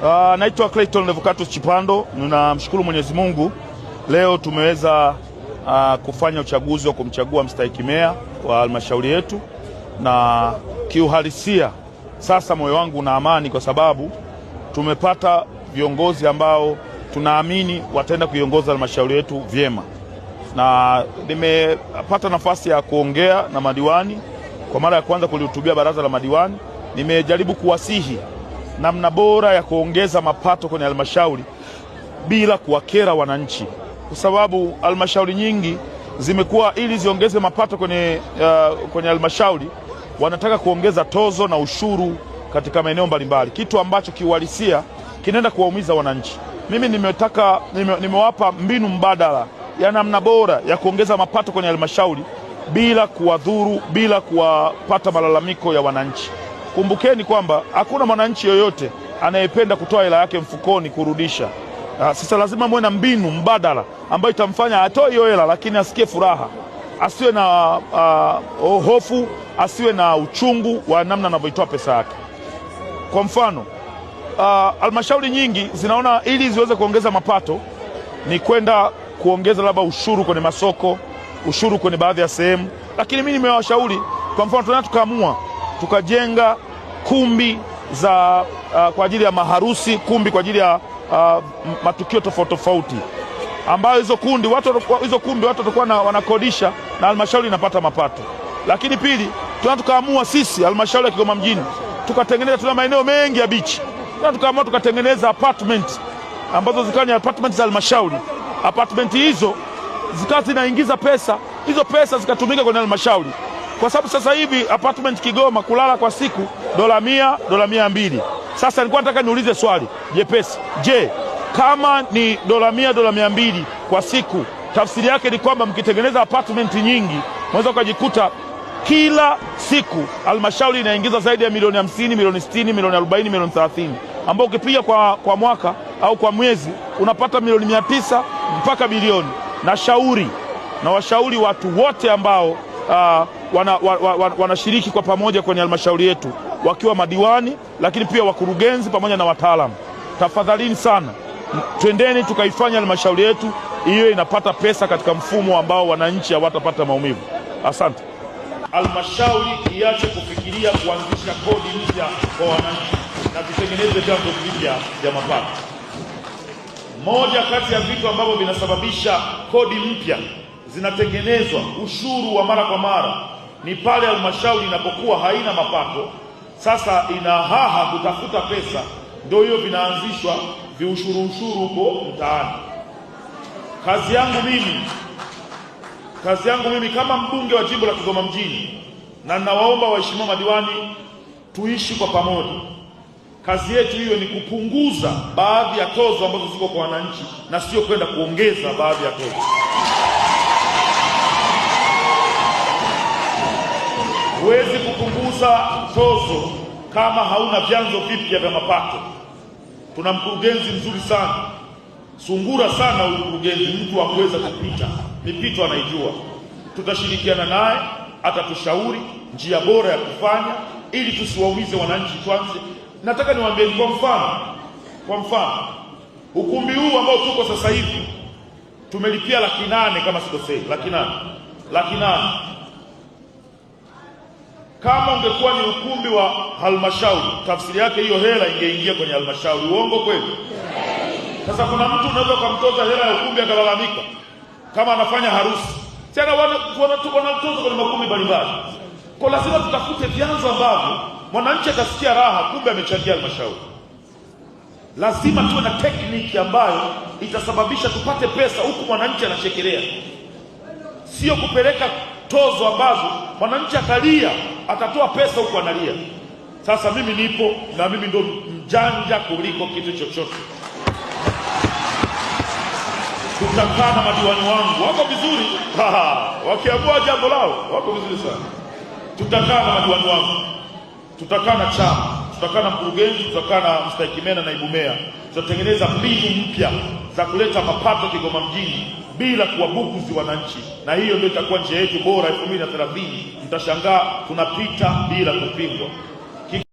Uh, naitwa Clayton levukatus Chipando. Ninamshukuru Mwenyezi Mungu leo tumeweza uh, kufanya uchaguzi wa kumchagua mstahiki meya wa halmashauri yetu, na kiuhalisia sasa moyo wangu una amani kwa sababu tumepata viongozi ambao tunaamini wataenda kuiongoza halmashauri yetu vyema, na nimepata nafasi ya kuongea na madiwani kwa mara ya kwanza kulihutubia baraza la madiwani. Nimejaribu kuwasihi namna bora ya kuongeza mapato kwenye halmashauri bila kuwakera wananchi, kwa sababu halmashauri nyingi zimekuwa ili ziongeze mapato kwenye uh, kwenye halmashauri wanataka kuongeza tozo na ushuru katika maeneo mbalimbali, kitu ambacho kiuhalisia kinaenda kuwaumiza wananchi. Mimi nimetaka nime, nimewapa mbinu mbadala ya namna bora ya kuongeza mapato kwenye halmashauri bila kuwadhuru, bila kuwapata malalamiko ya wananchi. Kumbukeni kwamba hakuna mwananchi yoyote anayependa kutoa hela yake mfukoni kurudisha. Ah, sasa lazima muwe na mbinu mbadala ambayo itamfanya atoe hiyo hela, lakini asikie furaha, asiwe na uh, hofu, asiwe na uchungu wa namna anavyoitoa pesa yake. Kwa mfano ah, halmashauri uh, nyingi zinaona ili ziweze kuongeza mapato ni kwenda kuongeza labda ushuru kwenye masoko, ushuru kwenye baadhi ya sehemu, lakini mimi nimewashauri, kwa mfano tunaweza tukaamua tukajenga kumbi za uh, kwa ajili ya maharusi, kumbi kwa ajili ya uh, matukio tofauti tofauti, ambayo hizo kundi watu hizo kumbi watu watakuwa na, wanakodisha na halmashauri inapata mapato. Lakini pili, tuna tukaamua sisi halmashauri ya Kigoma mjini tukatengeneza, tuna maeneo mengi ya bichi, tuna tukaamua tukatengeneza apartment ambazo zikawa ni apartment za halmashauri. Apartment hizo zikawa zinaingiza pesa, hizo pesa zikatumika kwenye halmashauri kwa sababu sasa hivi apartment Kigoma kulala kwa siku dola mia dola mia mbili. Sasa nilikuwa nataka niulize swali jepesi, je, kama ni dola mia dola mia mbili kwa siku, tafsiri yake ni kwamba mkitengeneza apartment nyingi mnaweza ukajikuta kila siku halmashauri inaingiza zaidi ya milioni hamsini milioni sitini milioni arobaini milioni thelathini ambao ukipiga kwa, kwa mwaka au kwa mwezi unapata milioni mia tisa mpaka bilioni. Na shauri na washauri watu wote ambao uh, wanashiriki wana, wana, kwa pamoja kwenye halmashauri yetu wakiwa madiwani, lakini pia wakurugenzi pamoja na wataalamu. Tafadhalini sana, twendeni tukaifanya halmashauri yetu hiyo inapata pesa katika mfumo ambao wananchi hawatapata maumivu. Asante. Halmashauri iache kufikiria kuanzisha kodi mpya kwa wananchi na tutengeneze vyanzo vipya vya mapato. Moja kati ya vitu ambavyo vinasababisha kodi mpya zinatengenezwa ushuru wa mara kwa mara ni pale halmashauri inapokuwa haina mapato, sasa ina haha kutafuta pesa, ndio hiyo vinaanzishwa viushuru ushuru huko mtaani. Kazi yangu mimi, kazi yangu mimi kama mbunge wa jimbo la Kigoma mjini, na ninawaomba waheshimiwa madiwani, tuishi kwa pamoja. Kazi yetu hiyo ni kupunguza baadhi ya tozo ambazo ziko kwa wananchi na sio kwenda kuongeza baadhi ya tozo. Huwezi kupunguza tozo kama hauna vyanzo vipya vya mapato. Tuna mkurugenzi mzuri sana, sungura sana huyu mkurugenzi, mtu wa kuweza kupita mipito anaijua. Tutashirikiana naye, atatushauri njia bora ya kufanya ili tusiwaumize wananchi. Tuanze, nataka niwaambieni kwa mfano, kwa mfano ukumbi huu ambao tuko sasa hivi tumelipia laki nane kama sikosei, laki nane laki nane kama ungekuwa ni ukumbi wa halmashauri, tafsiri yake hiyo hela ingeingia kwenye halmashauri. Uongo kweli? Sasa kuna mtu unaweza ukamtoza hela ya ukumbi akalalamika, kama anafanya harusi tena, wanatoza kwenye makumbi mbalimbali. Kwa lazima tutafute vyanzo ambavyo mwananchi atasikia raha, kumbe amechangia halmashauri. Lazima tuwe na tekniki ambayo itasababisha tupate pesa huku mwananchi anachekelea, sio kupeleka tozo ambazo mwananchi atalia atatoa pesa huko analia. Sasa mimi nipo na mimi ndo mjanja kuliko kitu chochote. Tutakaa na madiwani wangu wako vizuri, wakiamua jambo lao wako vizuri sana. Tutakaa na madiwani wangu, tutakaa na chama, tutakaa na mkurugenzi, tutakaa na mstahiki meya na naibu meya. Tutatengeneza mbinu mpya za kuleta mapato Kigoma mjini bila kuwabuguzi wananchi, na hiyo ndio itakuwa njia yetu bora elfu mbili na thelathini mtashangaa tunapita bila kupingwa.